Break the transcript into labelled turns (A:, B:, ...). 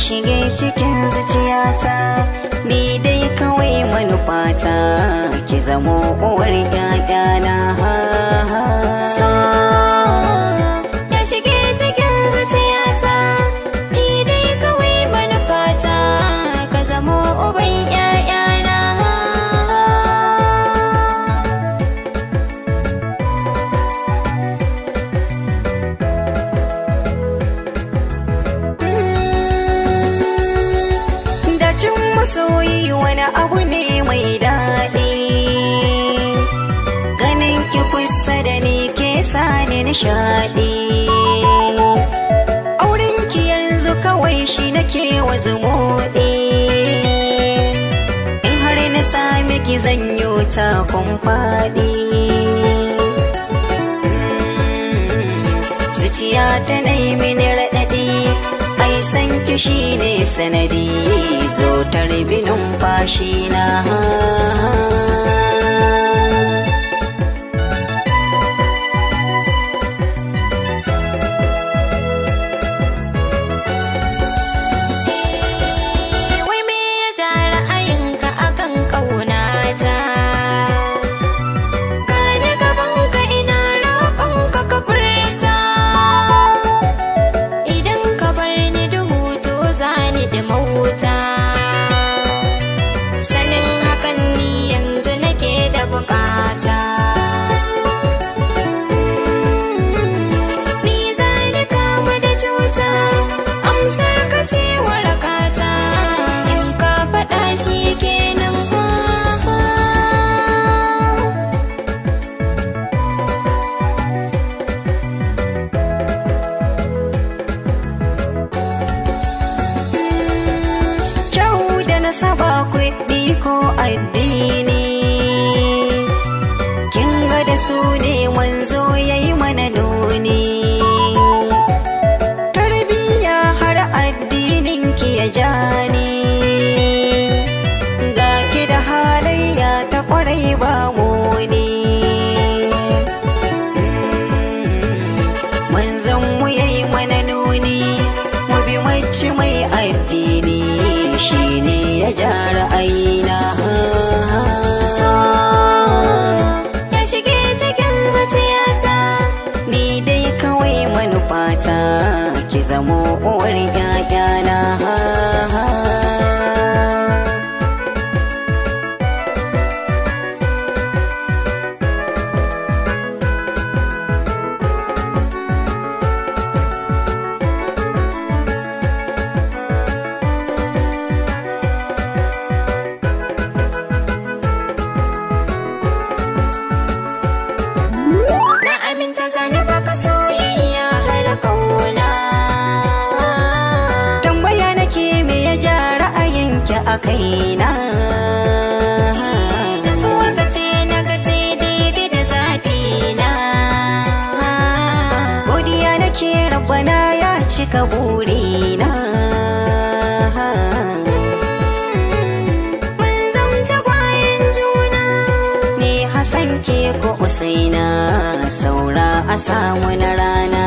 A: shige cikin zuciyata ni dai kawai manufata ki zamo uwar 'ya'yana har mai daɗi ganin ki kusa da ni ke sa ni nishaɗi auren ki yanzu kawai shi nake wa zumuɗi in har na sami ki zanyo ta kumfaɗi mm, zuciya ta nai mini san ki shine sanadi zo tarbi numfashi na nasaba kuɗi ko addini kin ga da su ne wanzo yi mana nuni tarbiya har addinin ki ya jani ga ki da halayya ta kwarai ba muni manzon mu yayi mana nuni mu bi mace mai sa ki zamo uwar a kaina Natsuwar ka ce na ka ce daidai da zafi na Godiya nake rabbana ya cika burina mm, Mun zamta kwayan juna Me Hassan ke ko Usaina saura a samu na rana